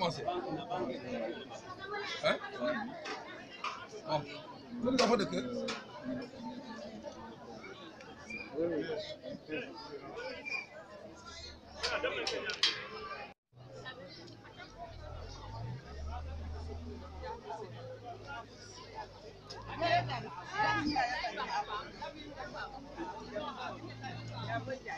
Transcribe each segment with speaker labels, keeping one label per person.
Speaker 1: commencer. Hein?
Speaker 2: Bon. Nous avons de que.
Speaker 3: yeah.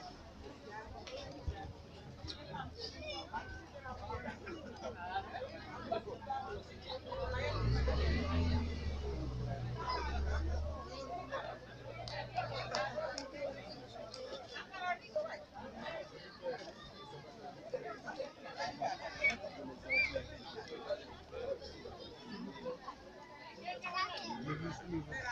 Speaker 3: Jesus.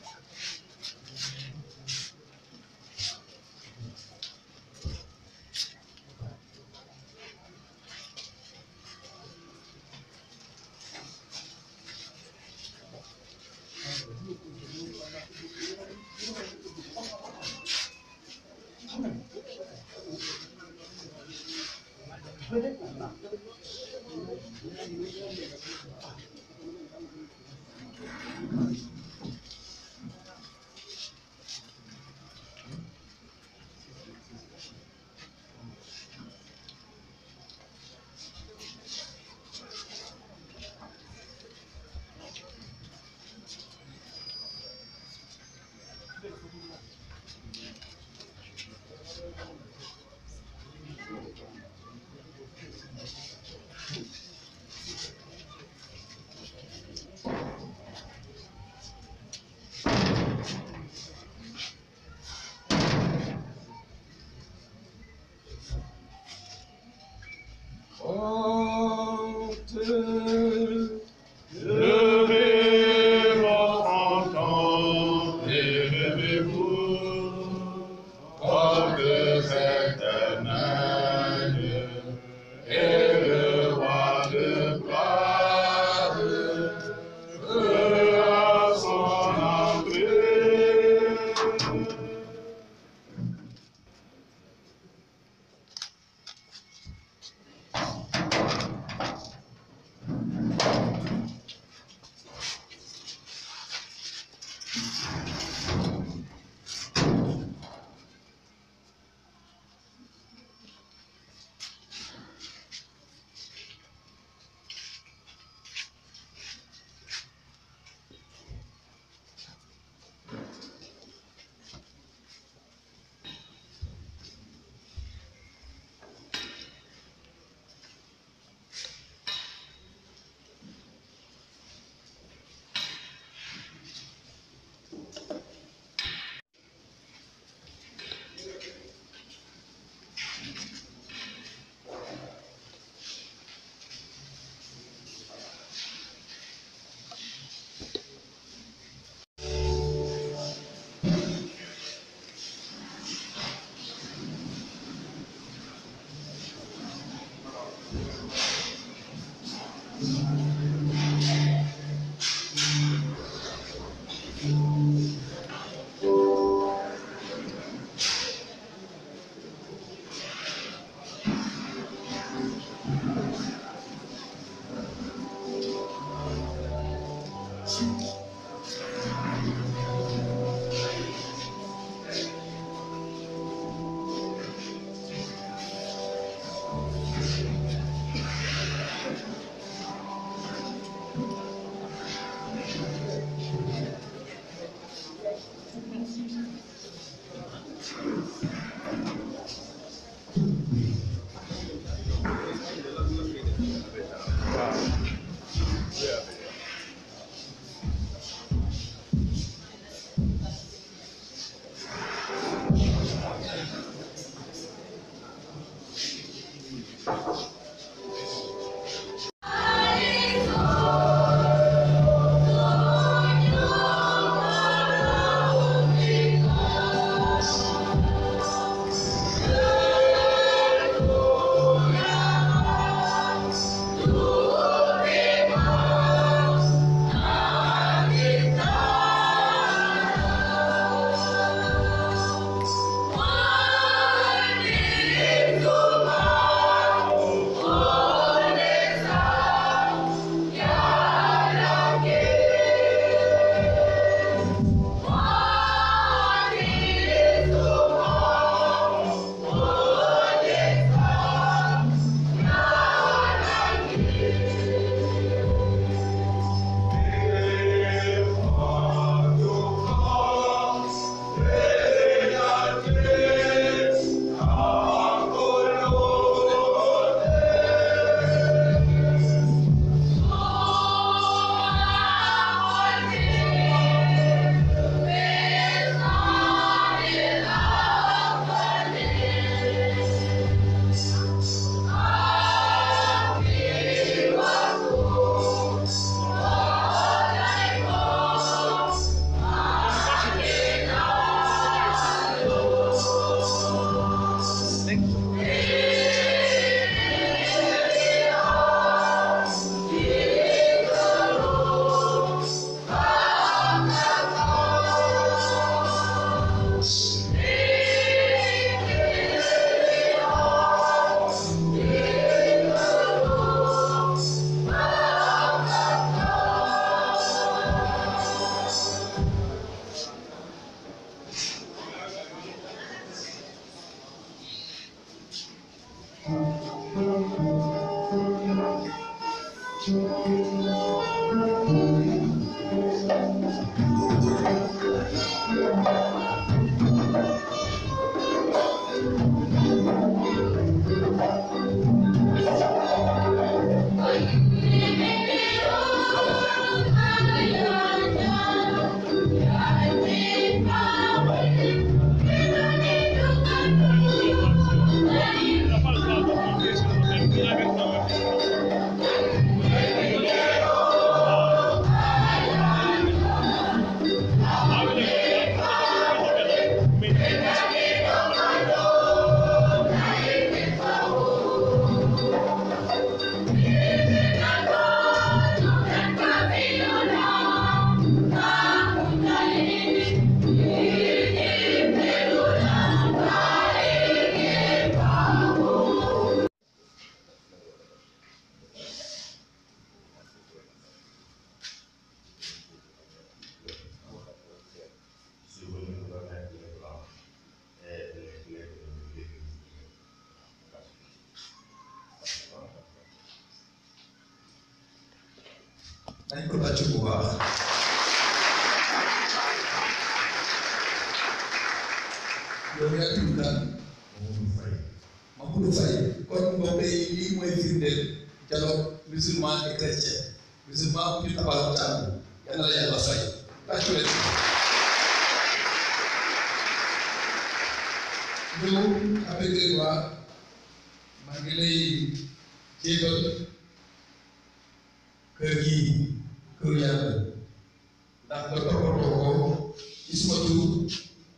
Speaker 1: na kuwepo isso wokovu tudo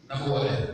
Speaker 1: na uolevu.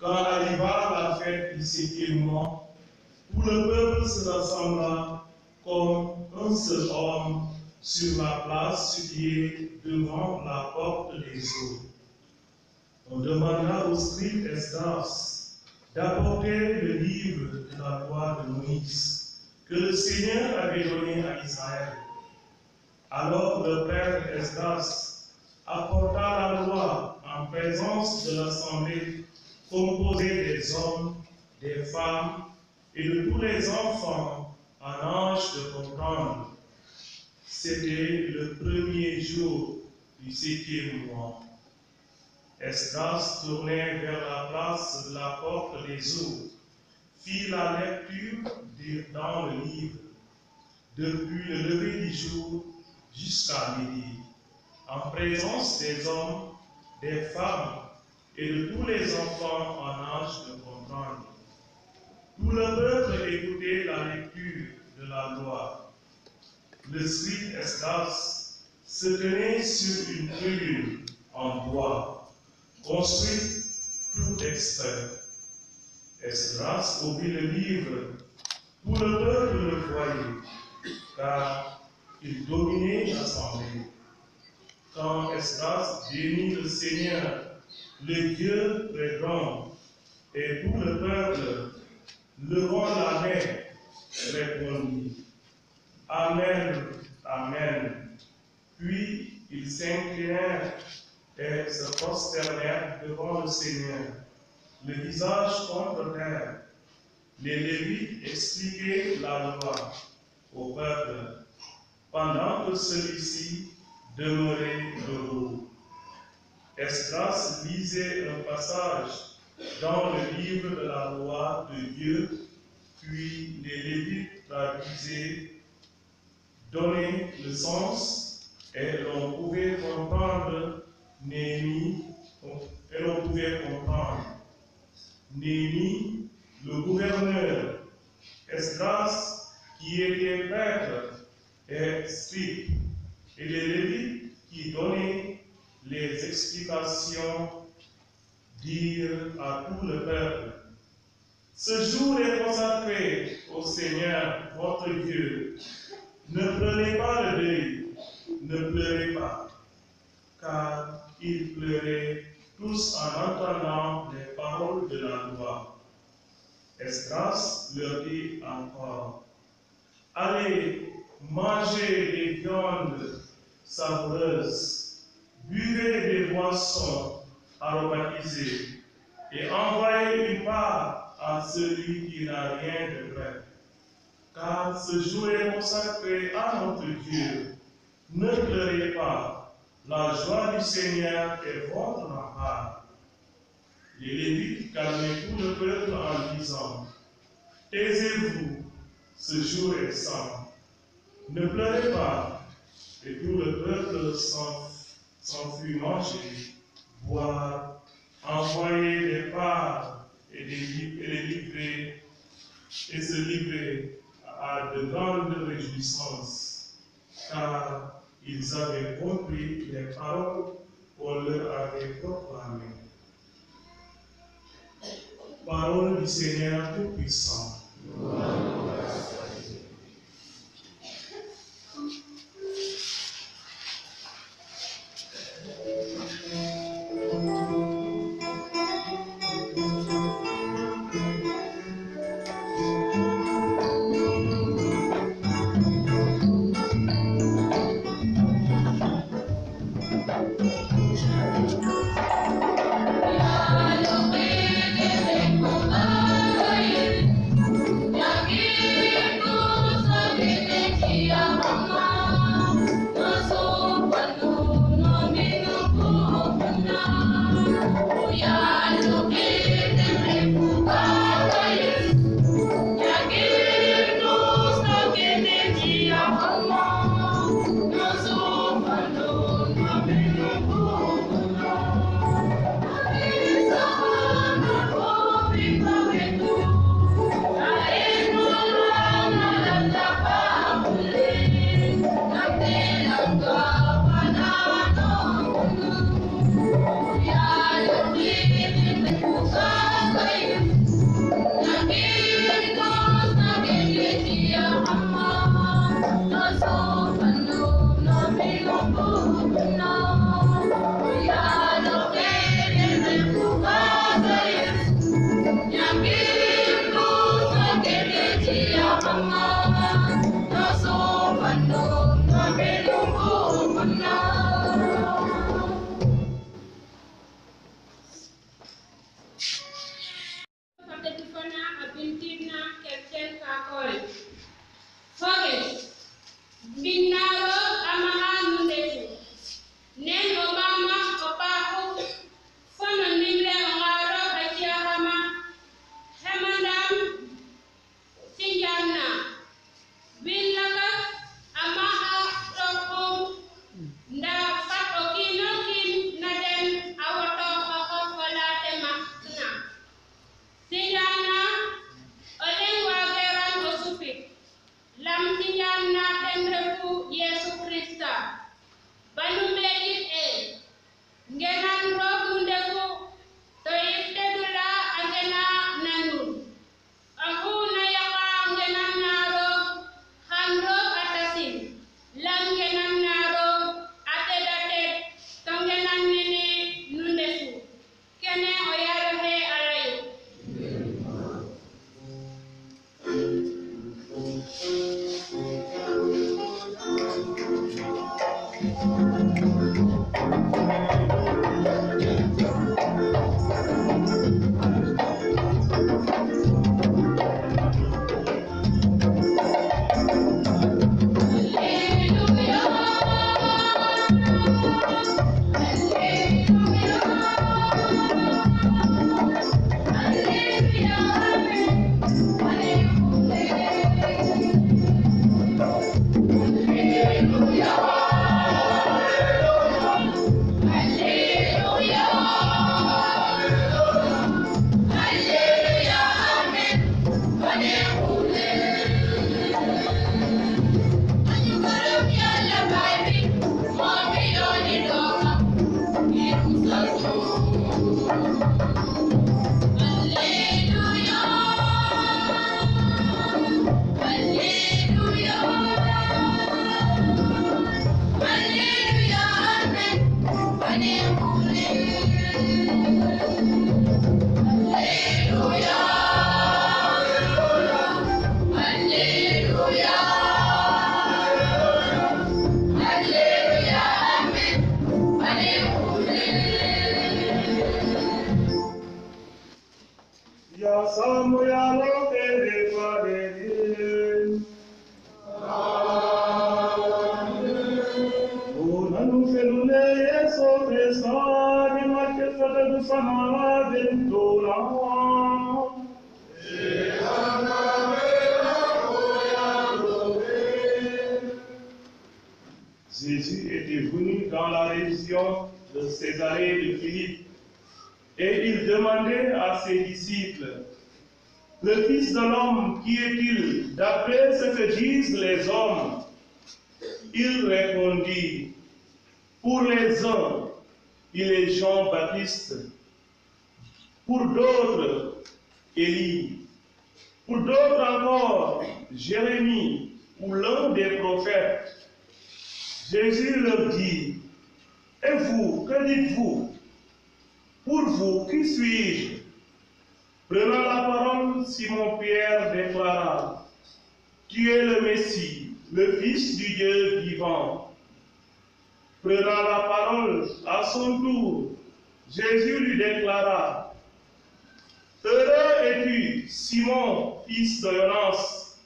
Speaker 4: Quand arriva la fête du septième tout où le peuple se rassembla comme un seul homme sur la place située devant la porte des eaux. On demanda au scribe Esdras d'apporter le livre de la loi de Moïse que le Seigneur avait donné à Israël. Alors le père Esdras apporta la loi en présence de l'assemblée composée des hommes, des femmes et de tous les enfants en âge de comprendre. C'était le premier jour du septième mois. Estras tournait vers la place de la porte des eaux, fit la lecture dans le livre, depuis le lever du jour jusqu'à midi, en présence des hommes des femmes et de tous les enfants en âge de comprendre. Tout le peuple écoutait la lecture de la loi. Le scribe Esdras se tenait sur une tribune en bois, construite tout extrait. Esdras ouvrit le livre, tout le peuple le voyait, car il dominait l'assemblée. Quand espace, bénit le Seigneur, le Dieu des Et tout le peuple, levant la main, répondit. Amen, Amen. Puis ils s'inclinèrent et se prosternèrent devant le Seigneur, le visage contre terre. Les Lévites expliquaient la loi au peuple, pendant que celui-ci demeurez debout. Estras lisait un passage dans le livre de la loi de Dieu, puis les Lévites traduisaient, donner le sens et l'on pouvait comprendre Némi, et l'on pouvait comprendre Néhémie, le gouverneur, Estras qui était prêtre et et les Lévites qui donnaient les explications dirent à tout le peuple, ce jour est consacré au Seigneur votre Dieu. Ne prenez pas le ne pleurez pas, car ils pleuraient tous en entendant les paroles de la loi. Esdras leur dit encore, allez, mangez les viandes savoureuse, buvez des boissons aromatisées et envoyez une part à celui qui n'a rien de vrai. Car ce jour est consacré à notre Dieu. Ne pleurez pas, la joie du Seigneur est votre part. Les Lévites calmaient tout le peuple en disant, Taisez-vous, ce jour est saint. Ne pleurez pas, et tout le peuple s'en manger, boire, envoyer les parts et les, livrer, et se livrer à de grandes réjouissances, car ils avaient compris les paroles qu'on leur avait proclamées. Parole du Seigneur Tout-Puissant. à ses disciples, Le Fils de l'homme, qui est-il d'après ce que disent les hommes Il répondit, Pour les uns, il est Jean-Baptiste, pour d'autres, Élie, pour d'autres encore, Jérémie ou l'un des prophètes. Jésus leur dit, Et vous, que dites-vous pour vous, qui suis-je Prenant la parole, Simon-Pierre déclara, Tu es le Messie, le Fils du Dieu vivant. Prenant la parole, à son tour, Jésus lui déclara, Heureux es-tu, Simon, fils de Jonas.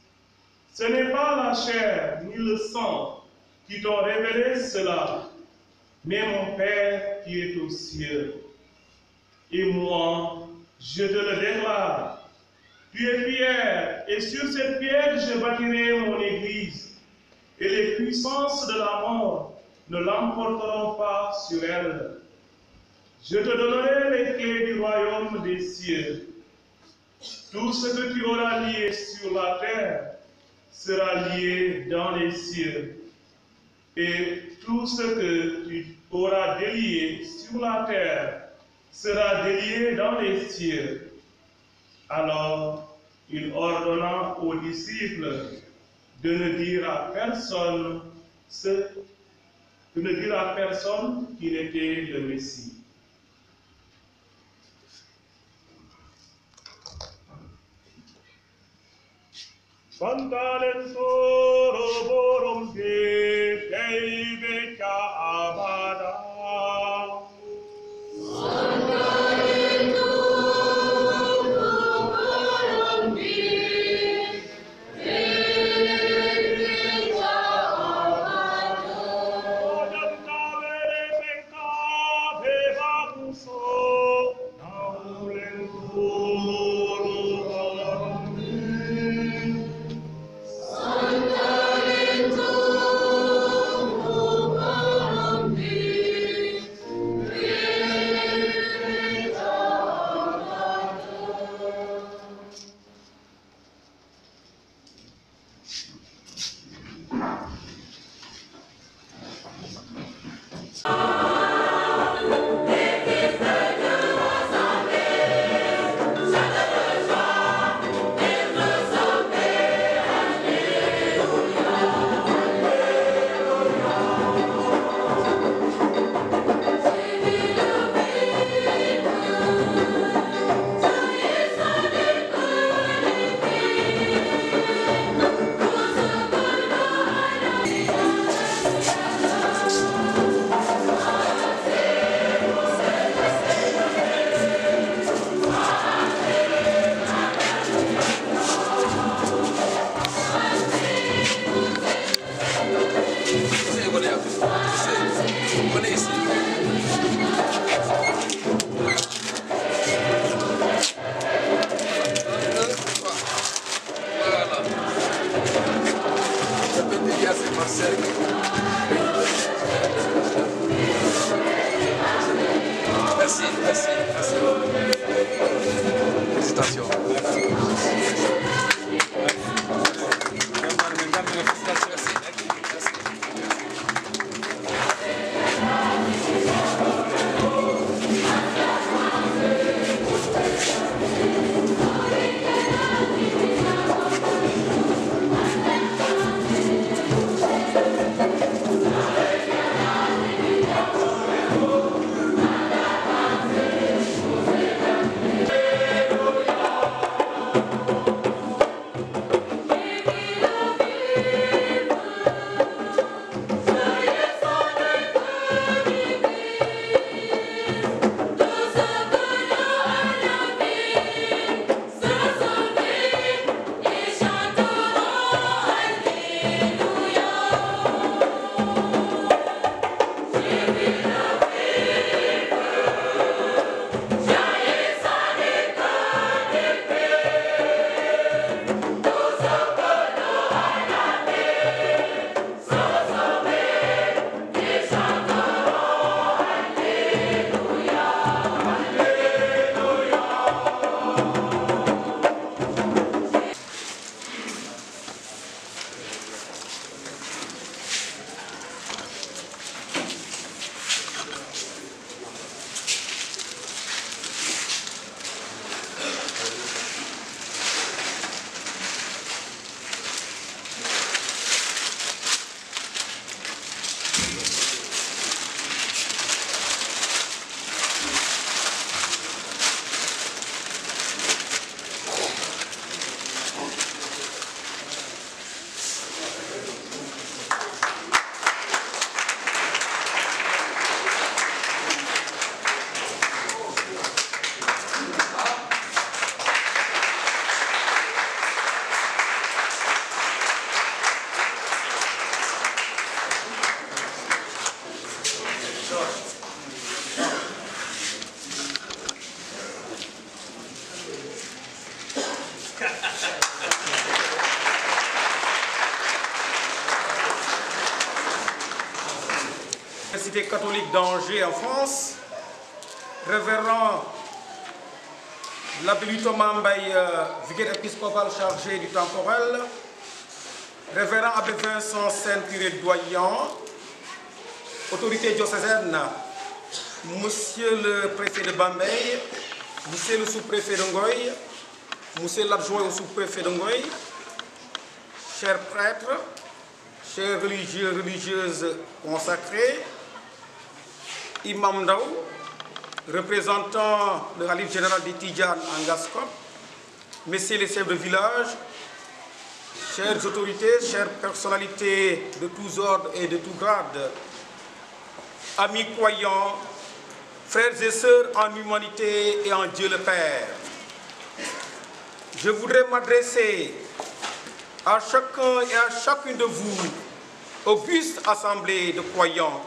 Speaker 4: Ce n'est pas la chair ni le sang qui t'ont révélé cela, mais mon Père qui est aux cieux. Et moi, je te le déclare, tu es pierre, et sur cette pierre je bâtirai mon église, et les puissances de la mort ne l'emporteront pas sur elle. Je te donnerai les clés du royaume des cieux. Tout ce que tu auras lié sur la terre sera lié dans les cieux. Et tout ce que tu auras délié sur la terre sera délié dans les cieux. Alors il ordonna aux disciples de ne dire à personne ce, de ne dire à personne qu'il était le Messie.
Speaker 5: catholique d'Angers en France, révérend l'abbé Thomas Mbaye, euh, vicaire épiscopal chargé du temporel, révérend abbé Vincent Saint-Curé Doyen, autorité diocésaine, monsieur le préfet de Bambay, monsieur le sous-préfet d'Ongoy, monsieur l'adjoint au sous-préfet d'Ongoy, chers prêtres, chers religieux, religieuses consacrés, Imam Daou, représentant le Khalif général de Tidjan en Gascogne, messieurs les chefs de village, chères autorités, chères personnalités de tous ordres et de tous grades, amis croyants, frères et sœurs en humanité et en Dieu le Père. Je voudrais m'adresser à chacun et à chacune de vous, auguste assemblée de croyants,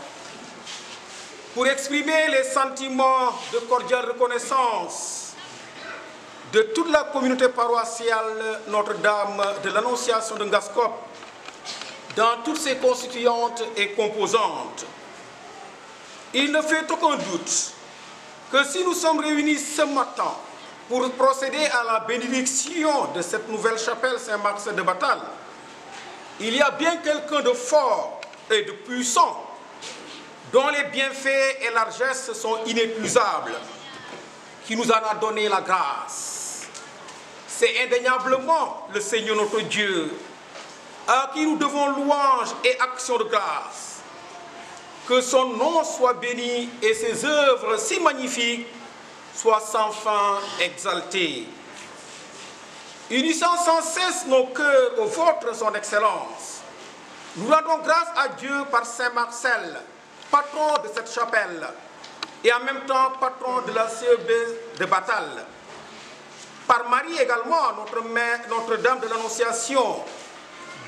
Speaker 5: pour exprimer les sentiments de cordiale reconnaissance de toute la communauté paroissiale Notre-Dame de l'Annonciation de Ngascope dans toutes ses constituantes et composantes. Il ne fait aucun doute que si nous sommes réunis ce matin pour procéder à la bénédiction de cette nouvelle chapelle saint marc de batal il y a bien quelqu'un de fort et de puissant dont les bienfaits et largesses sont inépuisables, qui nous en a donné la grâce. C'est indéniablement le Seigneur notre Dieu à qui nous devons louange et action de grâce. Que son nom soit béni et ses œuvres si magnifiques soient sans fin exaltées. Unissant sans cesse nos cœurs au vôtre, son excellence, nous rendons grâce à Dieu par Saint Marcel, patron de cette chapelle et en même temps patron de la CEB de Batal. Par Marie également, notre mère, Notre-Dame de l'Annonciation,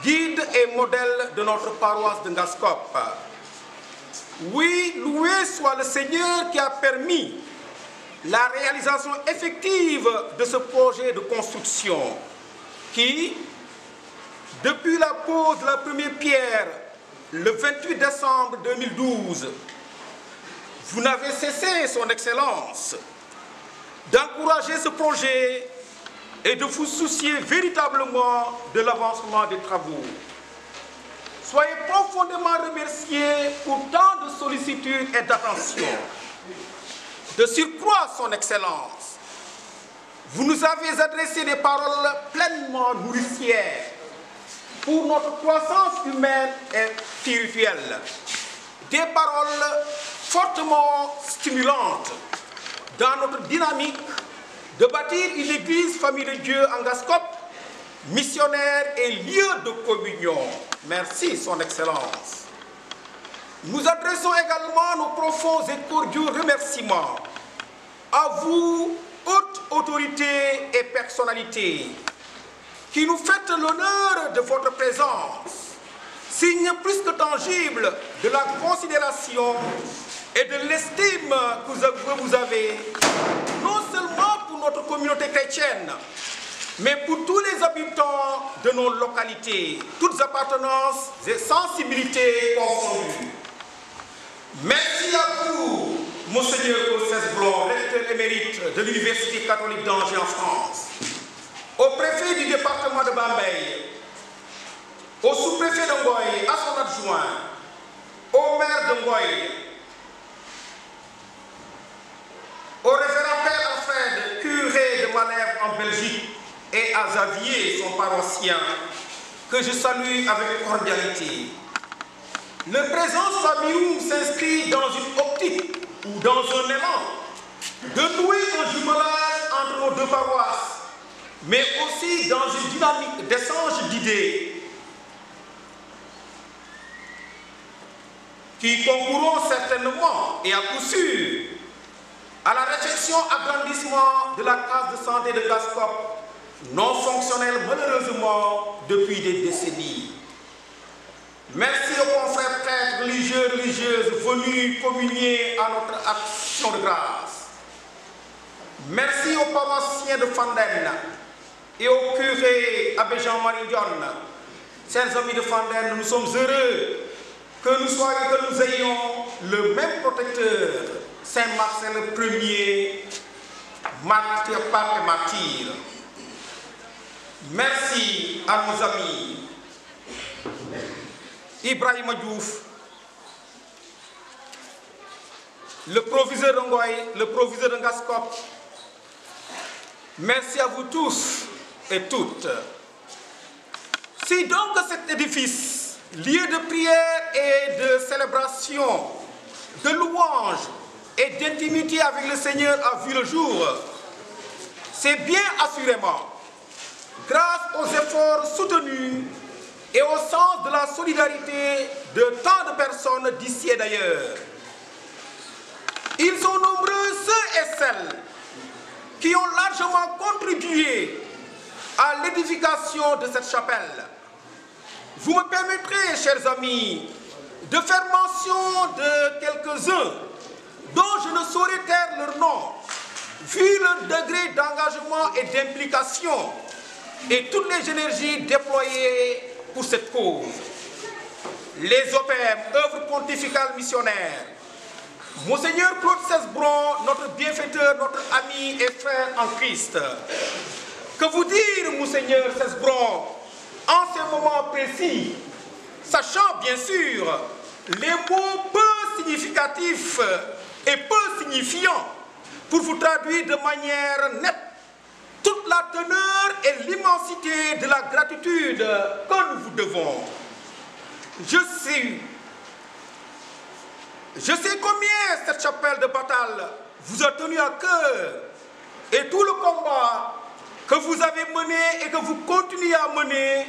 Speaker 5: guide et modèle de notre paroisse de Ngaskop. Oui, loué soit le Seigneur qui a permis la réalisation effective de ce projet de construction qui, depuis la pose de la première pierre le 28 décembre 2012, vous n'avez cessé, Son Excellence, d'encourager ce projet et de vous soucier véritablement de l'avancement des travaux. Soyez profondément remerciés pour tant de sollicitude et d'attention. De surcroît, Son Excellence, vous nous avez adressé des paroles pleinement nourricières pour notre croissance humaine et spirituelle. Des paroles fortement stimulantes dans notre dynamique de bâtir une église famille de Dieu en Gascope, missionnaire et lieu de communion. Merci, Son Excellence. Nous adressons également nos profonds et cordiaux remerciements à vous, haute autorité et personnalité, qui nous faites l'honneur de votre présence, signe plus que tangible de la considération et de l'estime que vous avez, non seulement pour notre communauté chrétienne, mais pour tous les habitants de nos localités, toutes appartenances et sensibilités confondues. Merci à vous, Monseigneur Cossès Blanc, recteur émérite de l'Université catholique d'Angers en France au préfet du département de Bambay, au sous-préfet de à son adjoint, au maire de Ngoy, au référent Père Alfred, curé de Malève en Belgique, et à Xavier, son paroissien, que je salue avec cordialité. Le présent samiou s'inscrit dans une optique ou dans un
Speaker 3: élan
Speaker 5: de nouer un jumelage entre nos deux paroisses mais aussi dans une dynamique d'échange d'idées qui concourront certainement et à coup sûr à la réflexion agrandissement de la case de santé de Gascop, non fonctionnelle malheureusement depuis des décennies. Merci aux confrères prêtres religieux, religieuses venus communier à notre action de grâce. Merci aux paroissiens de Fandenne et au curé Abbé Jean-Marie John. Chers amis de Fandel, nous sommes heureux que nous soyons, que nous ayons le même protecteur, Saint Marcel le martyr, pape et martyr. Merci à nos amis Ibrahim Diouf, le proviseur Ngoy, le proviseur Ngascop. Merci à vous tous et toutes. Si donc cet édifice, lieu de prière et de célébration, de louange et d'intimité avec le Seigneur a vu le jour, c'est bien assurément grâce aux efforts soutenus et au sens de la solidarité de tant de personnes d'ici et d'ailleurs. Ils sont nombreux ceux et celles qui ont largement contribué à l'édification de cette chapelle. Vous me permettrez, chers amis, de faire mention de quelques-uns dont je ne saurais taire leur nom, vu le degré d'engagement et d'implication et toutes les énergies déployées pour cette cause. Les OPM, œuvres pontificales missionnaires, Monseigneur Claude Cesbron, notre bienfaiteur, notre ami et frère en Christ, que vous dire, Monseigneur Cesbron, en ce moment précis, sachant bien sûr les mots peu significatifs et peu signifiants pour vous traduire de manière nette toute la teneur et l'immensité de la gratitude que nous vous devons. Je sais, je sais combien cette chapelle de bataille vous a tenu à cœur et tout le combat que vous avez mené et que vous continuez à mener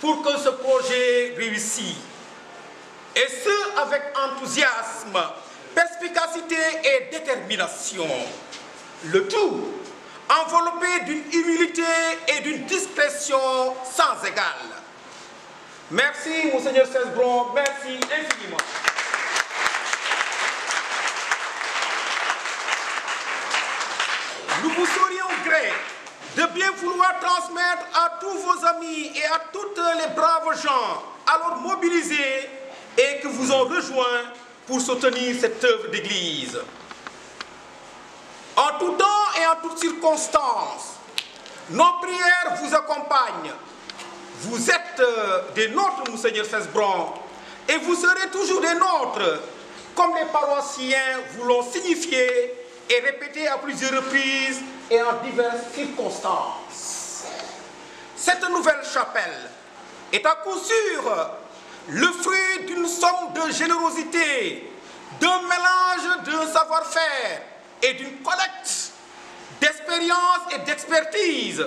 Speaker 5: pour que ce projet réussisse. Et ce, avec enthousiasme, perspicacité et détermination. Le tout enveloppé d'une humilité et d'une discrétion sans égale. Merci, Monseigneur Cesbron, merci infiniment. Nous vous serions gré de bien vouloir transmettre à tous vos amis et à toutes les braves gens alors mobilisés et que vous ont rejoints pour soutenir cette œuvre d'Église. En tout temps et en toutes circonstances, nos prières vous accompagnent. Vous êtes euh, des nôtres, Monseigneur Cesbron, et vous serez toujours des nôtres, comme les paroissiens vous l'ont signifié et répété à plusieurs reprises et en diverses circonstances. Cette nouvelle chapelle est à coup sûr le fruit d'une somme de générosité, d'un mélange de savoir-faire et d'une collecte d'expérience et d'expertise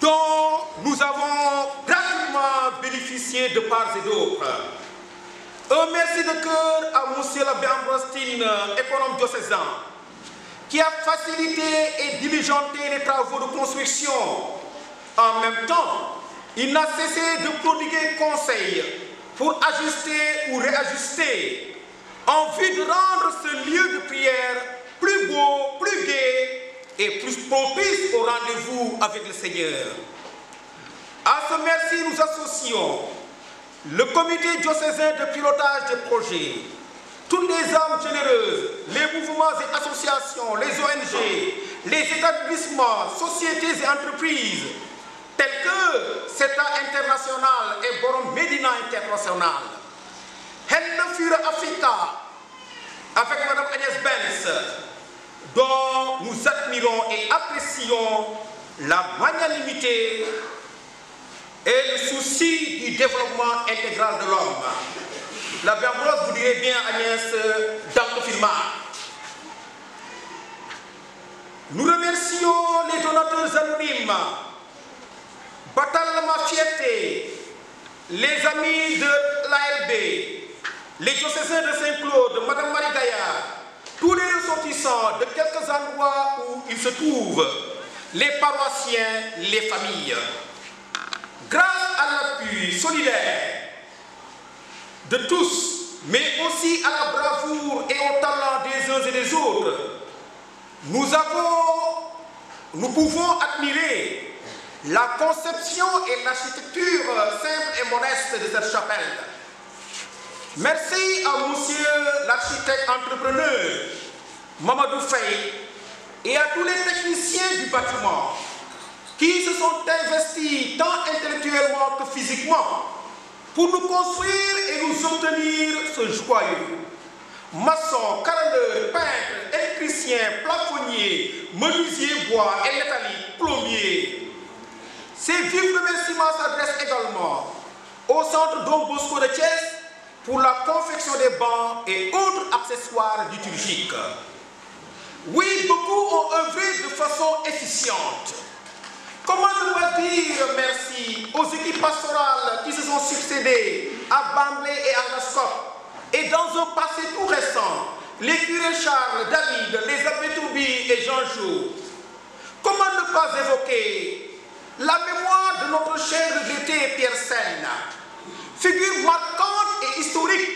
Speaker 5: dont nous avons grandement bénéficié de part et d'autre. Un merci de cœur à M. l'abbé Ambrostine, économe diocésain, qui a facilité et diligenté les travaux de construction. En même temps, il n'a cessé de prodiguer conseils pour ajuster ou réajuster en vue de rendre ce lieu de prière plus beau, plus gai et plus propice au rendez-vous avec le Seigneur. À ce merci, nous associons le comité diocésain de pilotage des projets, toutes les âmes généreuses, les mouvements et associations, les ONG, les établissements, sociétés et entreprises, tels que CETA International et Borom Medina International. Henna Fure Africa, avec Mme Agnès Benz, dont nous admirons et apprécions la magnanimité et le souci du développement intégral de l'homme. La Berbrose vous direz bien Agnès filmat. Nous remercions les donateurs anonymes, Batal Mafieté, les amis de l'ALB, les diocésains de Saint-Claude, Madame Marie Gaillard, tous les ressortissants de quelques endroits où ils se trouvent, les paroissiens, les familles. Grâce à l'appui solidaire de tous, mais aussi à la bravoure et au talent des uns et des autres, nous avons, nous pouvons admirer la conception et l'architecture simple et modeste de cette chapelle. Merci à monsieur l'architecte entrepreneur Mamadou Faye et à tous les techniciens du bâtiment qui se sont investis tant intellectuellement que physiquement pour nous construire et nous obtenir ce joyeux. Maçon, carreleur, peintre, électricien, plafonnier, menuisier bois et métallique, plombier. Ces vifs remerciements s'adressent également au centre Don de Thiès pour la confection des bancs et autres accessoires liturgiques. Oui, beaucoup ont œuvré de façon efficiente Comment ne pas dire merci aux équipes pastorales qui se sont succédées à Bamblé et à Rascop et dans un passé tout récent, les curés Charles, David, les abbés Toubi et Jean Jou. Comment ne pas évoquer la mémoire de notre cher regretté Pierre Seine, figure marquante et historique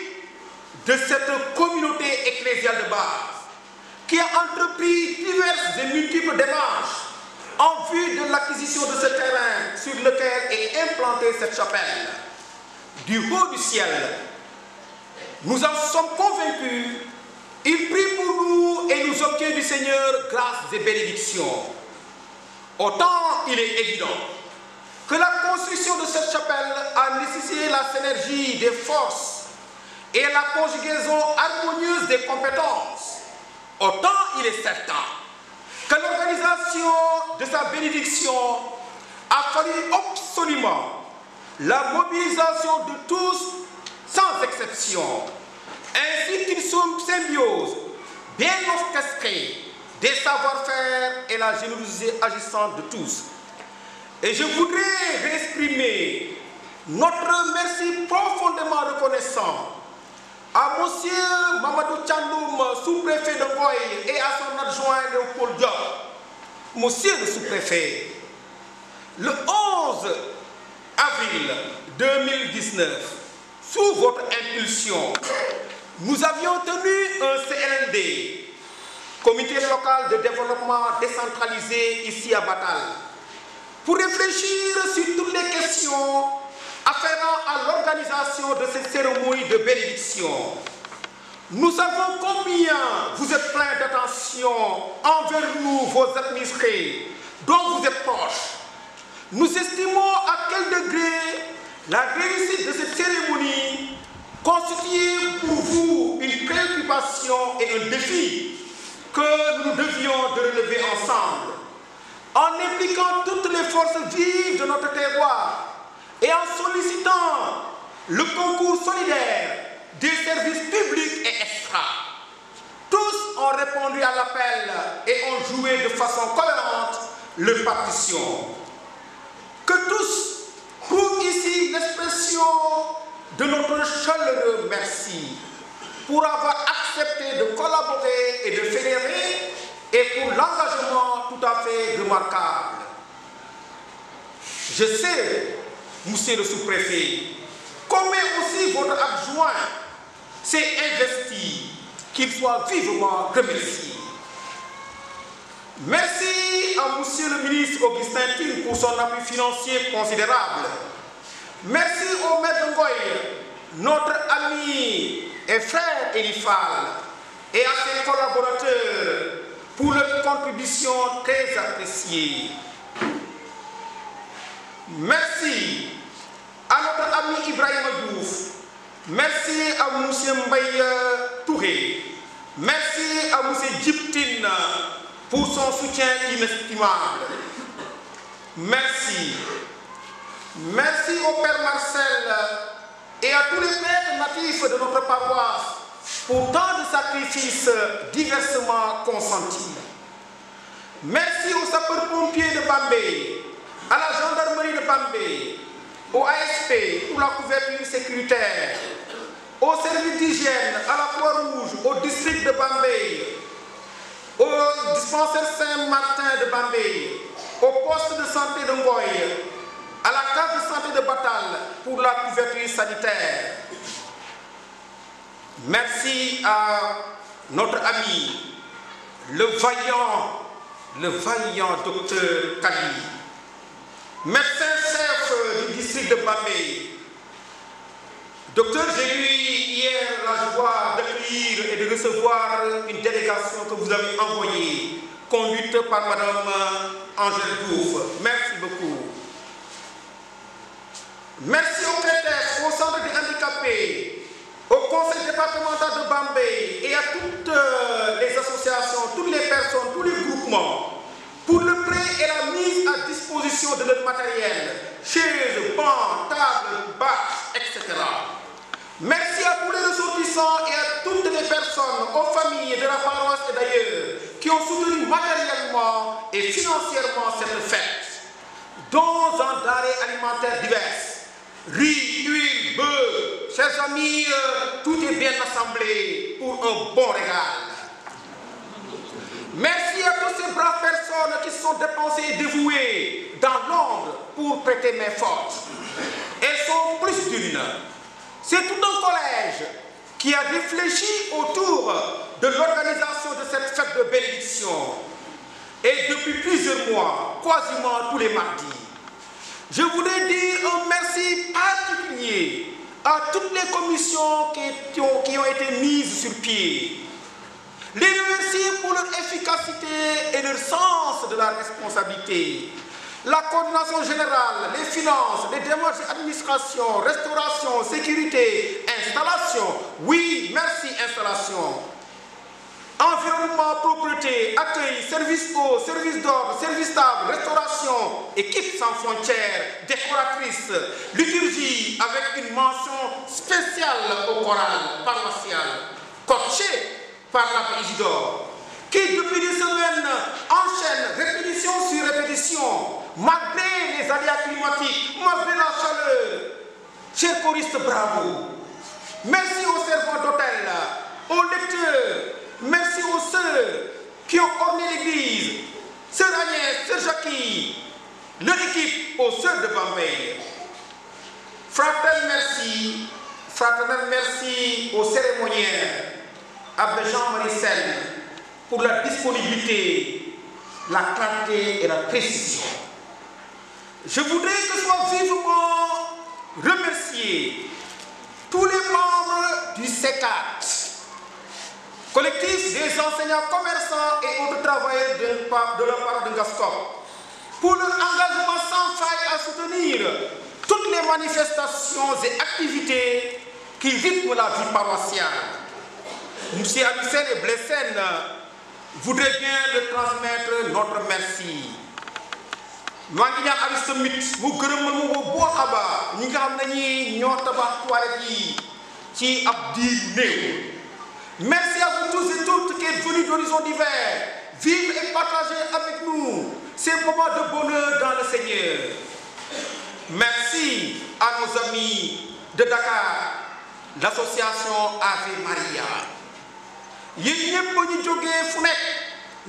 Speaker 5: de cette communauté ecclésiale de base, qui a entrepris diverses et multiples démarches en vue de l'acquisition de ce terrain sur lequel est implantée cette chapelle, du haut du ciel, nous en sommes convaincus, il prie pour nous et nous obtient du Seigneur grâce et bénédictions. Autant il est évident que la construction de cette chapelle a nécessité la synergie des forces et la conjugaison harmonieuse des compétences, autant il est certain l'organisation de sa bénédiction a fallu absolument la mobilisation de tous, sans exception, ainsi qu'une symbiose bien orchestrée des savoir-faire et la générosité agissante de tous. Et je voudrais exprimer notre merci profondément reconnaissant à monsieur Mamadou Tchandoum, sous-préfet de Boy, et à son adjoint Léopold Diop. Monsieur le sous-préfet, le 11 avril 2019, sous votre impulsion, nous avions tenu un CND, Comité local de développement décentralisé ici à Batal, pour réfléchir sur toutes les questions afférents à l'organisation de cette cérémonie de bénédiction. Nous savons combien vous êtes plein d'attention envers nous, vos administrés, dont vous êtes proches. Nous estimons à quel degré la réussite de cette cérémonie constitue pour vous une préoccupation et un défi que nous devions de relever ensemble, en impliquant toutes les forces vives de notre terroir et en sollicitant le concours solidaire des services publics et extra. Tous ont répondu à l'appel et ont joué de façon cohérente le partition. Que tous pour ici l'expression de notre chaleureux merci pour avoir accepté de collaborer et de fédérer et pour l'engagement tout à fait remarquable. Je sais monsieur le sous-préfet, comme aussi votre adjoint s'est investi, qu'il soit vivement remercié. Merci à monsieur le ministre Augustin Thune pour son appui financier considérable. Merci au maître Ngoy, notre ami et frère Elifal, et à ses collaborateurs pour leur contribution très appréciée. Merci à notre ami Ibrahim Douf. Merci à M. Mbaye euh, Touré. Merci à M. Djiptine euh, pour son soutien inestimable. Merci. Merci au Père Marcel euh, et à tous les pères natifs de notre paroisse pour tant de sacrifices diversement consentis. Merci aux sapeurs-pompiers de Bambé à la gendarmerie de Bambé, au ASP pour la couverture sécuritaire, au service d'hygiène, à la Croix-Rouge, au district de Bambé, au dispensaire Saint-Martin de Bambé, au poste de santé de à la case de santé de Batal pour la couverture sanitaire. Merci à notre ami, le vaillant, le vaillant docteur Kali, médecin chef du district de Bambay. Docteur, j'ai eu hier la joie d'accueillir et de recevoir une délégation que vous avez envoyée, conduite par Madame Angèle Douf. Merci beaucoup. Merci aux CRETES, au centre des handicapés, au conseil départemental de Bambay et à toutes les associations, toutes les personnes, tous les groupements pour le prêt et la mise à disposition de notre matériel, chaises, bancs, tables, bâches, etc. Merci à tous les ressortissants et à toutes les personnes, aux familles de la paroisse et d'ailleurs, qui ont soutenu matériellement et financièrement cette fête. Dons en d'arrêt alimentaire divers, riz, huile, beurre, chers amis, euh, tout est bien assemblé pour un bon régal. Merci à personnes qui sont dépensées et dévouées dans l'ombre pour prêter main forte. Elles sont plus d'une. C'est tout un collège qui a réfléchi autour de l'organisation de cette fête de bénédiction. Et depuis plusieurs mois, quasiment tous les mardis, je voulais dire un merci particulier à toutes les commissions qui qui ont été mises sur pied les remercier pour leur efficacité et leur sens de la responsabilité. La coordination générale, les finances, les démarches administration, restauration, sécurité, installation. Oui, merci installation. Environnement, propreté, accueil, service eau, service d'ordre, service stable, restauration, équipe sans frontières, décoratrice, liturgie avec une mention spéciale au choral paroissial, cocher par la d'or, qui depuis des semaines enchaîne répétition sur répétition, malgré les aléas climatiques, malgré la chaleur. Chers choristes, bravo. Merci aux servants d'hôtel, aux lecteurs, merci aux ceux qui ont orné l'église, sœur Agnès, sœur Jackie, leur équipe aux sœurs de Bambay. Fraternel merci, fraternel merci aux cérémoniaires, à Jean-Marie pour la disponibilité, la clarté et la précision. Je voudrais que soit vivement remercier tous les membres du C4, collectif des enseignants commerçants et autres travailleurs de, la part de Gascop, pour leur engagement sans faille à soutenir toutes les manifestations et activités qui vivent pour la vie paroissiale Monsieur Avicenne et Blessène voudraient bien transmettre notre merci merci à vous tous et toutes qui êtes venus d'Horizon divers vivre et partager avec nous ces moments de bonheur dans le Seigneur merci à nos amis de Dakar l'association Ave Maria yéen ñëpp ba ñu jógee fu nekk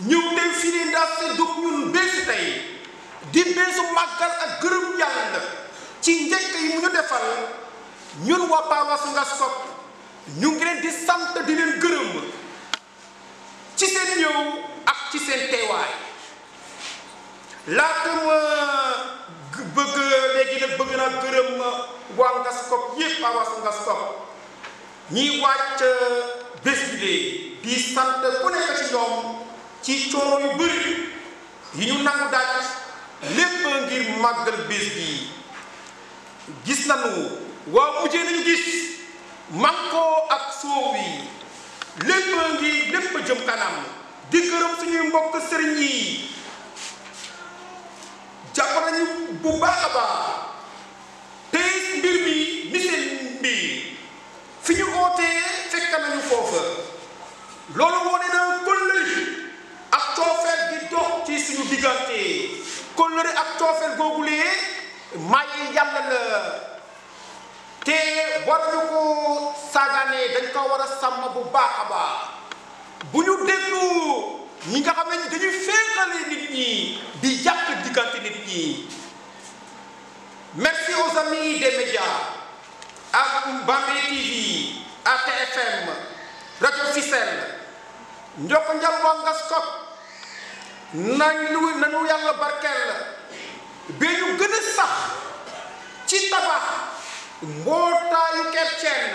Speaker 5: ñu tey fii nii ndax te dugg ñun bésu tey di bésu màggal ak gërëm yàlla la ci njëkk yi mu ñu defal ñun waa Paawasu Ngascop ñu ngi leen di sant di leen gërëm ci seen ñëw ak ci seen teewaay laata ma bëgg léegi nag bëgg naa gërëm waa Ngascop yëpp Paawasu Ngascop ñiy wàcc bés bi di sant ku nekk ci ñoom ci coono yu bëri yi ñu nangu daaj lépp ngir màggal bés bi gis nañu waaw mujjee nañu gis mànkoo ak soow yi lépp ngi lépp jëm kanam di gërëm suñuy mbokk sëriñ yi jàpp nañu bu baax a baax tey mbir mi ni seen fi ñu ootee fekk nañu foofa loolu wone na kóllëre ak coofeel gi dox ci suñu diggante kóllëre ak coofeel googu lee may yàlla la te waruñu ko sàgganee dañ ko war a sàmm bu baax a baax bu ñu déglu ñi nga xam ne dañuy féexale nit ñi di yàq diggante nit ñi merci aux amis des médias ak Bambey TV ak rajo Fissel njoko njal waa ngaskop nañu nañu yàlla barkeel la ba ñu gën a sax ci tabax mbootaayu kerceen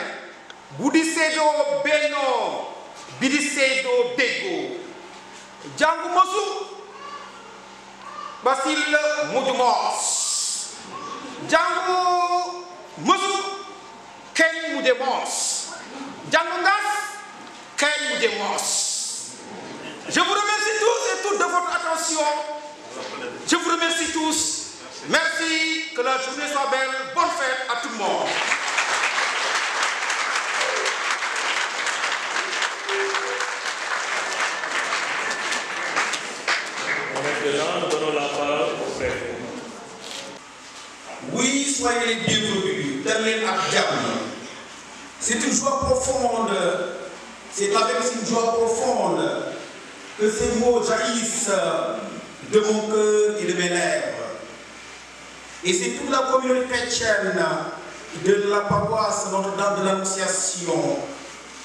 Speaker 5: bu di seedoo bennoo bi di seedoo déggoo jàngu jàngu masu kenn mujje moos jàngu ngas Je vous remercie tous et toutes de votre attention. Je vous remercie tous. Merci, que la journée soit belle. Bonne fête à tout le monde. Oui, soyez les bienvenus. à C'est une joie profonde c'est avec une joie profonde que ces mots jaillissent de mon cœur et de mes lèvres. Et c'est toute la communauté chrétienne de la paroisse Notre-Dame de l'Annonciation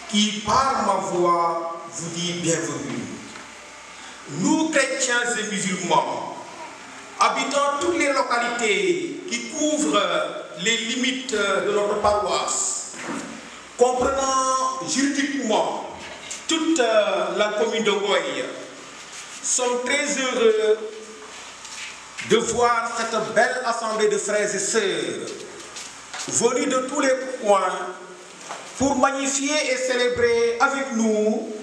Speaker 5: qui, par ma voix, vous dit bienvenue. Nous, chrétiens et musulmans, habitant toutes les localités qui couvrent les limites de notre paroisse, comprenant juridiquement toute euh, la commune de Goye, sommes très heureux de voir cette belle assemblée de frères et sœurs venus de tous les coins pour magnifier et célébrer avec nous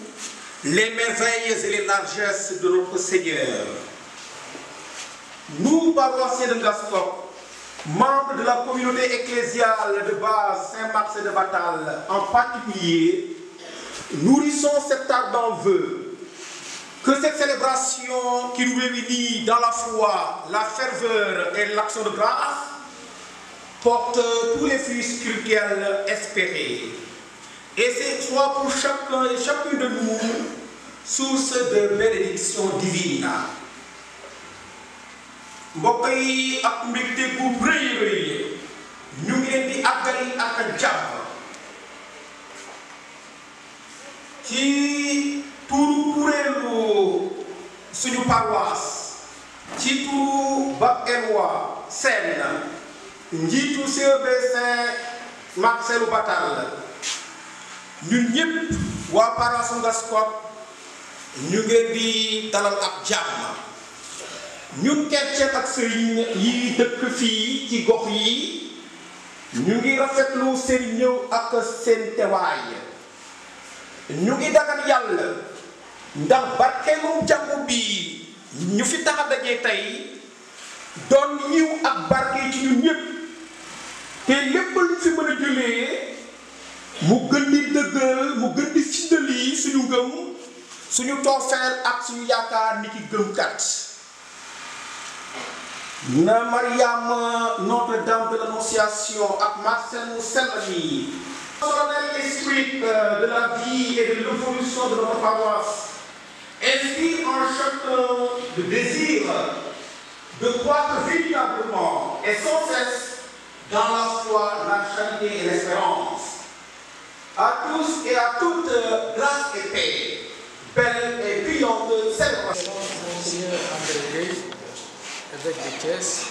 Speaker 5: les merveilles et les largesses de notre Seigneur. Nous, paroissiens de Gascogne, membres de la communauté ecclésiale de base Saint-Marc de Batal en particulier, nourrissons cet ardent vœu que cette célébration qui nous réunit dans la foi, la ferveur et l'action de grâce porte tous les fruits spirituels espérés. Et c'est soit pour chacun et chacune de nous source de bénédiction divine. mbokk yi ak mbégte bu rëy rëy ñu ngi leen di àggal ak jàmm ci tuuru kuréelu suñu paroisse ci tuuru Bac et Loi Sène njiitu CEBC e Marcel Batal ñun ñëpp waa paroisse Ngascope ñu ngeen di talal ak jàmm ñun kercen ak sëriñ yi dëkk fii ci gox yi ñu ngi rafetlu seen ñëw ak seen tewaay ñu ngi dagat yàlla ndax barkeelu jàmm bi ñu fi tax a daje tey doon yiw ak barke ci ñun ñëpp te lépp lu fi mën a jëlee mu gën di dëggal mu gën di findali suñu ngëm suñu toofeel ak suñu yaakaar ni ki gëm Nous Mariam notre dame de l'Annonciation ak Marcel mu
Speaker 3: solennel
Speaker 5: l'Esprit, euh, de la vie et de l'évolution de notre paroisse inspire un
Speaker 3: château de désir
Speaker 5: de croître véritablement et sans cesse dans la foi, la charité et l'espérance. À tous et à toutes, grâce et paix, belle et brillante célébration avec des caisses.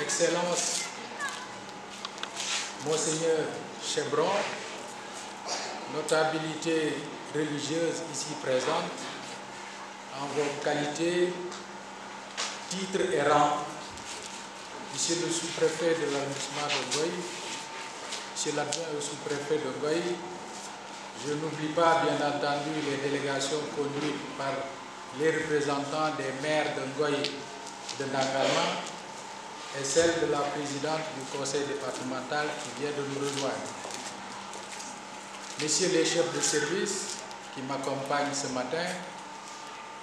Speaker 6: Excellence, Monseigneur Chebron, notabilité religieuse ici présente, en vos qualités, titres et rangs, Monsieur le sous-préfet de l'arrondissement de Goy, Monsieur l'adjoint au sous-préfet de Goy, je n'oublie pas bien entendu les délégations conduites par les représentants des maires de Goy de Nagama et celle de la présidente du conseil départemental qui vient de nous rejoindre. Messieurs les chefs de service qui m'accompagnent ce matin,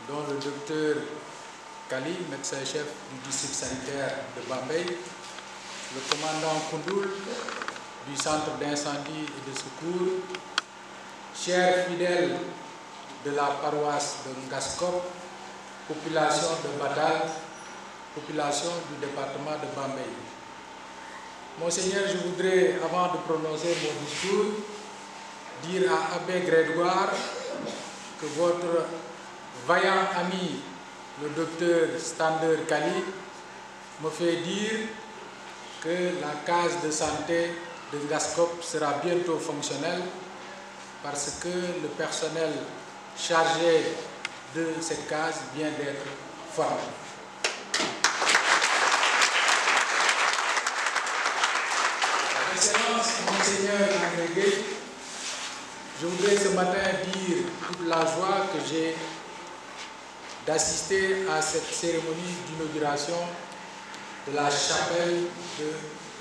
Speaker 6: dont le docteur Kali, médecin-chef du district sanitaire de Bambay, le commandant Koundoul du centre d'incendie et de secours, chers fidèles de la paroisse de Ngaskop, population de Badal, population du département de Bambay. Monseigneur, je voudrais, avant de prononcer mon discours, dire à Abbé Grégoire que votre vaillant ami, le docteur Stander Kali, me fait dire que la case de santé de Gascop sera bientôt fonctionnelle parce que le personnel chargé de cette case vient d'être formé. Excellence, Monseigneur agrégué, je voudrais ce matin dire toute la joie que j'ai d'assister à cette cérémonie d'inauguration de la chapelle de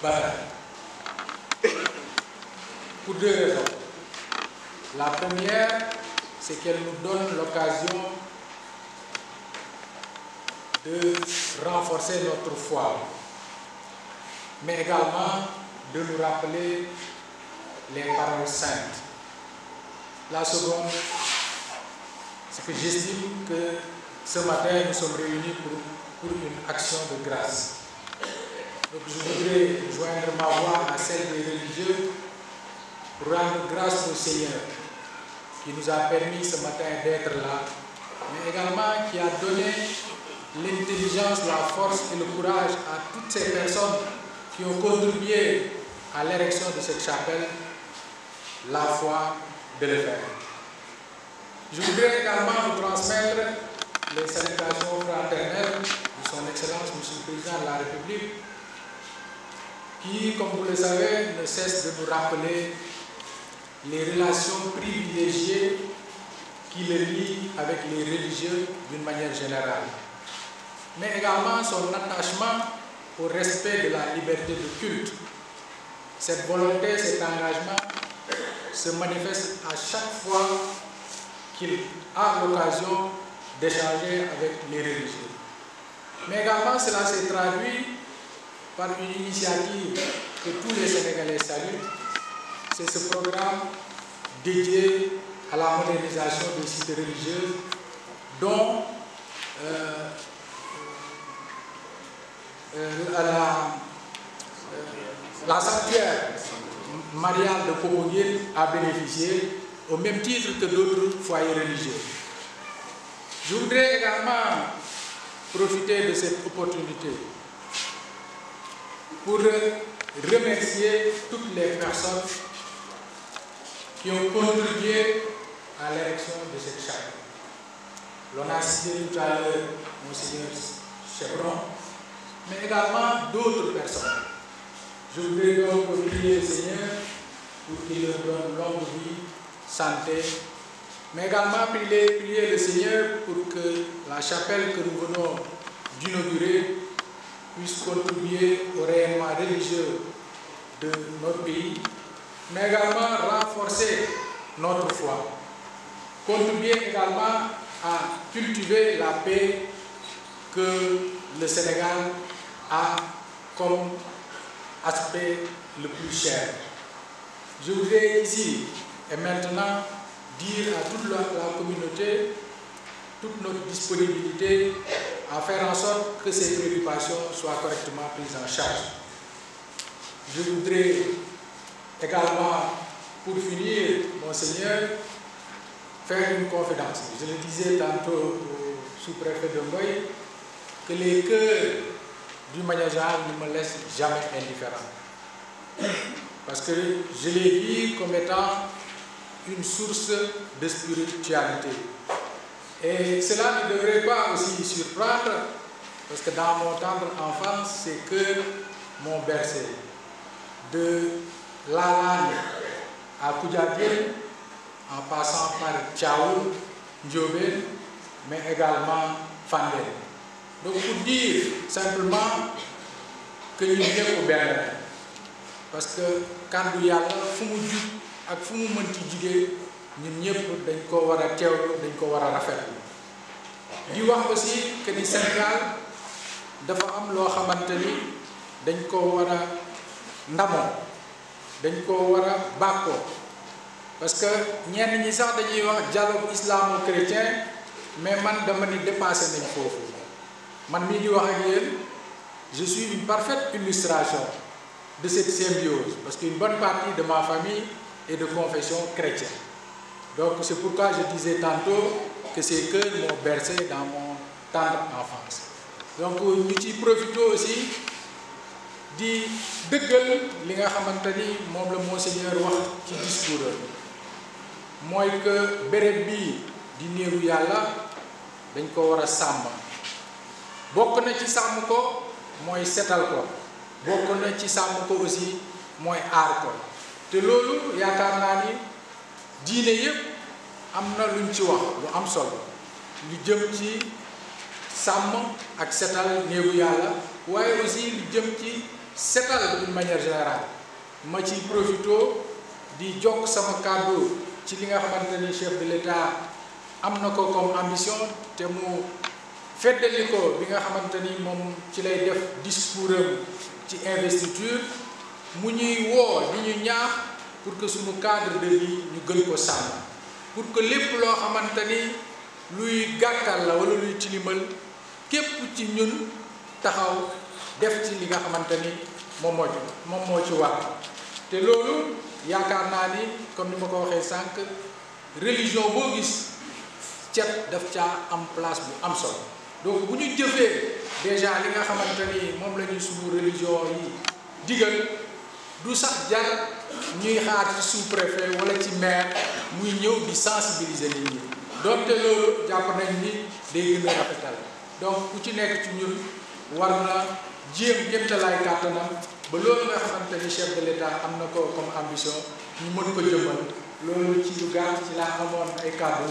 Speaker 6: Bavard. Pour deux raisons. La première, c'est qu'elle nous donne l'occasion de renforcer notre foi, mais également de nous rappeler les paroles saintes. La seconde, c'est que j'estime que ce matin, nous sommes réunis pour, pour une action de grâce. Donc je voudrais joindre ma voix à celle des religieux pour rendre grâce au Seigneur qui nous a permis ce matin d'être là, mais également qui a donné l'intelligence, la force et le courage à toutes ces personnes qui ont contribué à l'érection de cette chapelle la foi de l'Évêque. Je voudrais également vous transmettre les salutations fraternelles de son Excellence Monsieur le Président de la République, qui, comme vous le savez, ne cesse de nous rappeler les relations privilégiées qui le lient avec les religieux d'une manière générale, mais également son attachement au respect de la liberté de culte cette volonté, cet engagement se manifeste à chaque fois qu'il a l'occasion d'échanger avec les religieux. Mais également, cela s'est traduit par une initiative que tous les Sénégalais saluent. C'est ce programme dédié à la modernisation des sites religieux dont euh, euh, à la la sanctuaire mariale de Pogonguil a bénéficié au même titre que d'autres foyers religieux. Je voudrais également profiter de cette opportunité pour remercier toutes les personnes qui ont contribué à l'élection de cette charte. L'on a cité tout à l'heure Monseigneur Chevron, mais également d'autres personnes je voudrais donc prier le Seigneur pour qu'il leur donne de vie, santé, mais également prier, prier le Seigneur pour que la chapelle que nous venons d'inaugurer puisse contribuer au rayonnement religieux de notre pays, mais également renforcer notre foi, contribuer également à cultiver la paix que le Sénégal a comme aspect le plus cher. Je voudrais ici et maintenant dire à toute la, communauté toute notre disponibilité à faire en sorte que ces préoccupations soient correctement prises en charge. Je voudrais également, pour finir, Monseigneur, faire une confidence. Je le disais tantôt au sous-préfet de Mboy, que les cœurs du manière ne me laisse jamais indifférent. Parce que je l'ai vu comme étant une source de spiritualité. Et cela ne devrait pas aussi surprendre, parce que dans mon temps enfance, c'est que mon berceau de Lalane à Koudjadien, en passant par Tchaoul, Ndjobé, mais également Fandel. donc pour dire simplement que ñu ñëpp ko bénn parce que kaddu yàlla fu mu jug ak fu mu mën ci jugee ñun ñëpp dañ ko war a teewlu dañ ko war a rafet di wax aussi que ni Sénégal dafa am loo xamante ni dañ ko war a ndamoo dañ ko war a bàkkoo parce que ñenn ñi sax dañuy wax dialogue islamo chrétien mais man dama ni dépassé nañ foofu je suis une parfaite illustration de cette symbiose parce qu'une bonne partie de ma famille est de confession chrétienne donc c'est pourquoi je disais tantôt que c'est que mon bercé dans mon tendre enfance donc nous y aussi di dëggal li nga monseigneur wax que bokk na ci sàmm ko mooy setal ko bokk na ci sàmm ko aussi mooy aar ko te loolu yaakaar naa ni diine yëpp am na luñ ci wax lu am solo lu jëm ci sàmm ak setal néegu yàlla waaye aussi lu jëm ci setal d'une manière générale ma ci profito di jokk sama kàddu ci li nga xamante ni chef de l'État am na ko comme ambition te mu fédéliko bi nga xamanteni mom ci lay def discoursam ci investiture mu ñuy wo di ñu ñaax pour que suñu cadre de vie ñu gën ko pour que lepp lo xamanteni luy gakkal la wala luy tilimal képp ci ñun taxaw def ci li nga xamanteni mom mo ci mom mo ci war té lolu yaakaar naa ni comme ni ma ko waxee sànq religion boo gis cet daf caa donc bu ñu jëfee déjà li nga xamante ni moom la ñuy suñu religion yi digal du sax jar ñuy xaar ci sous-préfet wala ci maire muy ñëw di sensibiliser nit ñi donte loolu jàpp nañ ni day gën a rafetal donc ku ci nekk ci ñun war na jéem jëmtalaay kàttanam ba loolu nga xamante ni chef de l'État am na ko comme ambition ñu mën ko jëmmal loolu ci lu gàtt ci laa amoon ay kàddu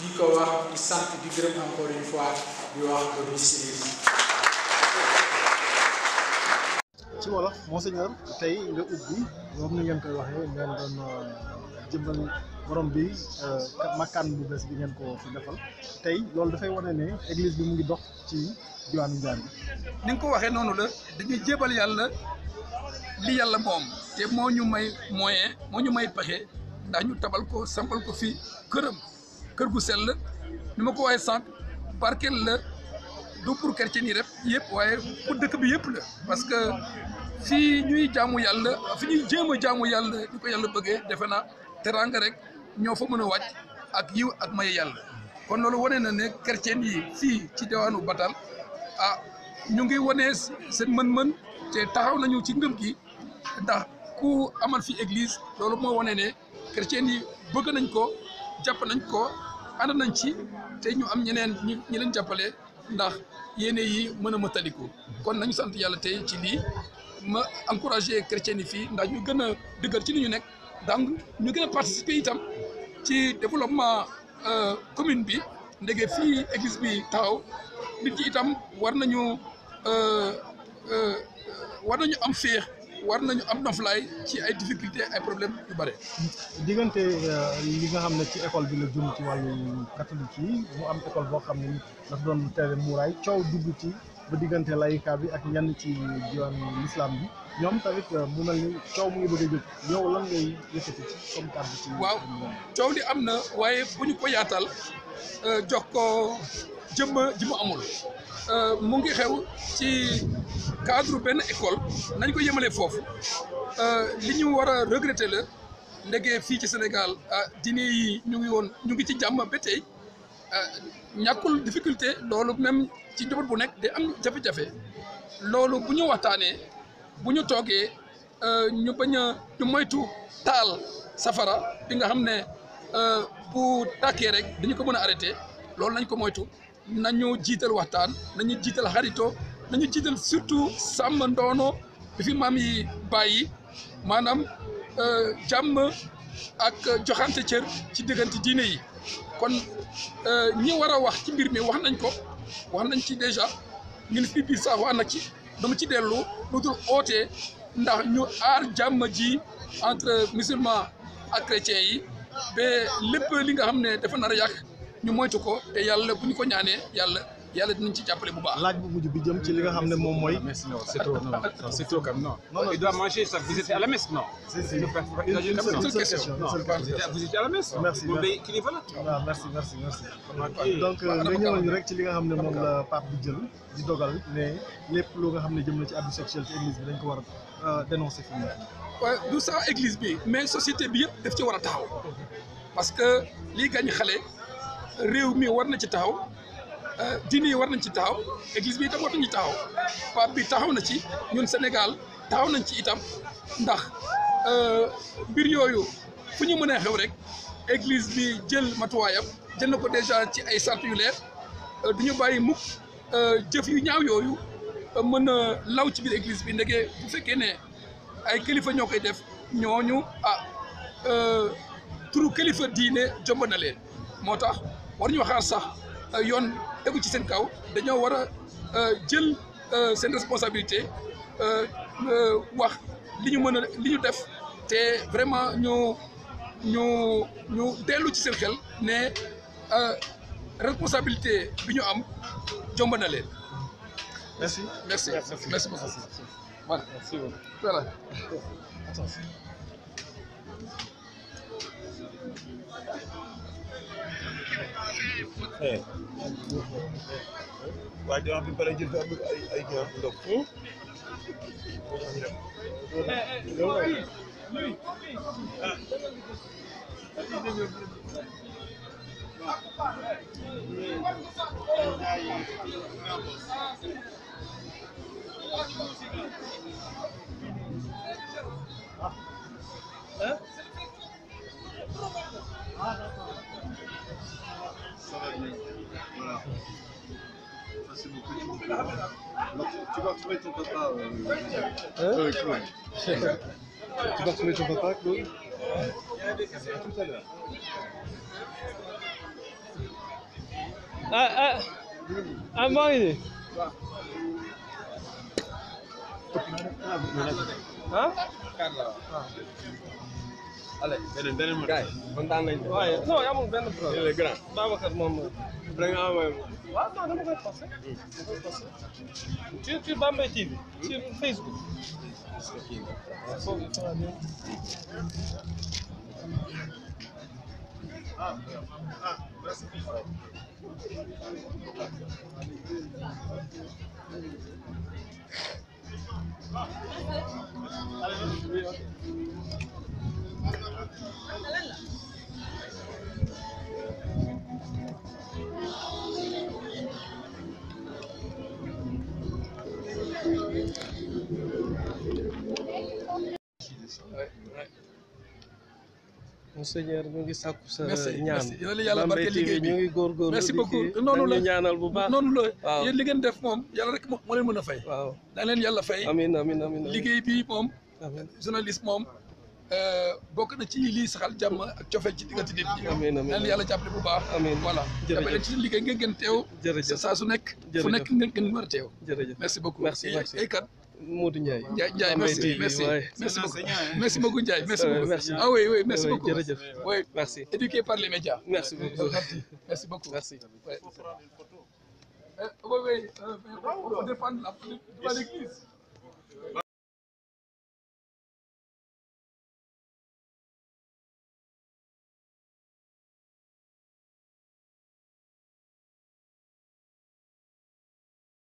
Speaker 6: di ko wax di sant di gërëm encore une fois ñu wax ko
Speaker 5: ci wolof monseigneur tey nga ubbi moom ni ngeen koy waxee ngeen doon euh, jëmbal borom bi euh, makkaan bu bees bi ngeen ko fi defal tey loolu dafay wane
Speaker 2: ne église bi mu ngi dox ci diwaanu Njaañ bi. ni nga ko waxee noonu la dañuy jébal yàlla li yàlla moom te moo ñu may moyen moo ñu may pexe ndax ñu tabal ko sampal ko fii këram kër gu sell ni ma ko waxee sànq. barkel la du pour chrétien yi rep yépp waaye ku dëkk bi yépp la parce que si ñuy jaamu yàlla fi ñuy jéem a jaamu yàlla ñu ko yàlla bëggee defe naa teraang rek ñoo fa mën a wàcc ak yiw ak maye yàlla kon loolu wane na ne chrétien yi fii ci diwaanu batal ah ñu ngi wane seen mën-mën te taxaw nañu ci ngëm gi ndax ku amal fi église loolu moo wane ne chrétien yi bëgg nañ ko jàpp nañ ko ànd nañ ci te ñu am ñeneen ñu ñu leen jàppale ndax yéene yi mën a mataliku kon nañu sant yàlla tey ci lii ma encouragé chrétien yi fii ndax ñu gën a dëgër ci li ñu nekk dan ñu gën a participer itam ci développement euh, commune bi ndege fi église bi taxaw nit yi itam war nañu euh, euh, war nañu am féex war nañu am noflaay ci ay difficulté ay problème yu bare.
Speaker 5: diggante euh, li nga xam ne ci école bi la jëm ci wàllu catholique yi mu am école boo xam ne ni dafa doon tere muuraay coow dugg ci ba diggante layika bi ak ñenn ci diwaan l'islam bi ñoom tamit euh, mu mel ni coow mu ngi bëgg a jóg yow lan ngay yëkkati ci comme kàddu ci. waaw
Speaker 2: coow li am na waaye bu ñu ko yaatal. Eh, jox ko jëmm ji mu amul mu ngi xew ci cadre benn école ko yemale foofu li ñu war a regretté la ndegee fii ci Sénégal dine yi ñu ngi woon ñu ngi ci jàmm ba tey eh, ñàkkul difficulté loolu même ci njaboot bu nekk day am jafe-jafe bu euh, takkee rek dañu ko mën a arrêté loolu nañ ko moytu nañu jiital waxtaan nañu jiital xarito nañu jiital surtout sàmm ndoono bi fi maam yi bàyyi maanaam euh, jàmm ak joxante cër ci diggante diine yi kon euh, ñi war a wax ci mbir mi wax nañ ko wax nañ ci déjà ñun fi biir sax wax na ci dama ci dellu lu dul ootee ndax ñu aar jàmm ji entre musulman ak chrétien yi ba lépp li nga xam ne dafa nar a yàq ñu moytu ko te yàlla bu ñu ko ñaanee yàlla yàlla dinañ ci jàppale bu baax.
Speaker 5: laaj bu mujj bi jëm ci li nga xam ne moom mooy. merci non c'est trop non c'est trop quand même non. non non il doit manger la messe xam ne moom la bi jël di dogal ne lépp lu nga xam ne jëm na ci abus sexuel ci église bi dañ ko war a euh, fi mu
Speaker 2: du saa église bi mais société bi yëpp daf ci war a taxaw parce que lii gañ xale réew mi war na ci taxaw eh, diine yi war nañ ci taxaw église bi itam war nañu taxaw pape bi taxaw na ci ñun Sénégal taxaw nañ ci itam ndax eh, mbir yooyu fu ñu mënee xew rek église bi jël matuwaayam jël na ko déjà ci ay sart yu leer eh, du ñu bàyyi mukk jëf yu ñaaw yooyu mën a law ci biir église bi ndege bu fekkee ne. ay kilifa ñoo koy def ñooñu ah euh, turu kilifa diine jomb na leen moo tax war ñu waxaar sax yoon tegu ci seen kaw dañoo war a euh, jël euh, seen responsabilité wax li ñu mën a li ñu def te vraiment ñu ñu ñu dellu ci seen xel ne responsabilité bi ñu am jomb na leen. merci merci merci beaucoup. Vale, sigo. Espera.
Speaker 4: É. Vai ter uma pipa de verbo aí, aí que é um docu.
Speaker 3: É, é, Luiz, Luiz, Ah. Aí, meu Ça va bien. Voilà. Ça, c'est beaucoup de moment. tu vas retrouver ton papa. Euh, tu vas retrouver ton papa, Claude À tout à l'heure. Ah, ah,
Speaker 2: ah, moi, il est.
Speaker 1: Allez, beneen beneen mën. gars yi kontaan nañ de. waaye non
Speaker 2: vamos benn vamos il vamos
Speaker 1: grand. Babacar moom. da nga TV. ci Facebook.
Speaker 3: Thank you. はい。
Speaker 6: monsieur
Speaker 2: Dieng ñu ngi sàkku sa ñaan merci yàlla barke liggéey bi ñu ngi góorgóorlu merci beaucoup noonu la ñaanal bu baax noonu la def moom yàlla rek moo leen mën a fay waaw da leen yàlla fay liggéey bi moom journaliste moom euh, bokk na ci lii saxal jàmm ak cofeel ci diggante nit ñi amiin amiin yàlla jàppale bu baax amiin a jàppale ci liggéey ngeen gën teew jërëjëf saa su nekk fu nekk ngeen ngeen war a teew jërëjëf merci beaucoup merci Modou Ndiaye. merci merci merci beaucoup merci beaucoup merci beaucoup. ah oui oui merci beaucoup oui merci. éduqué par les médias. merci beaucoup merci beaucoup merci.
Speaker 3: oui euh, oui. Euh, on défend la l'église.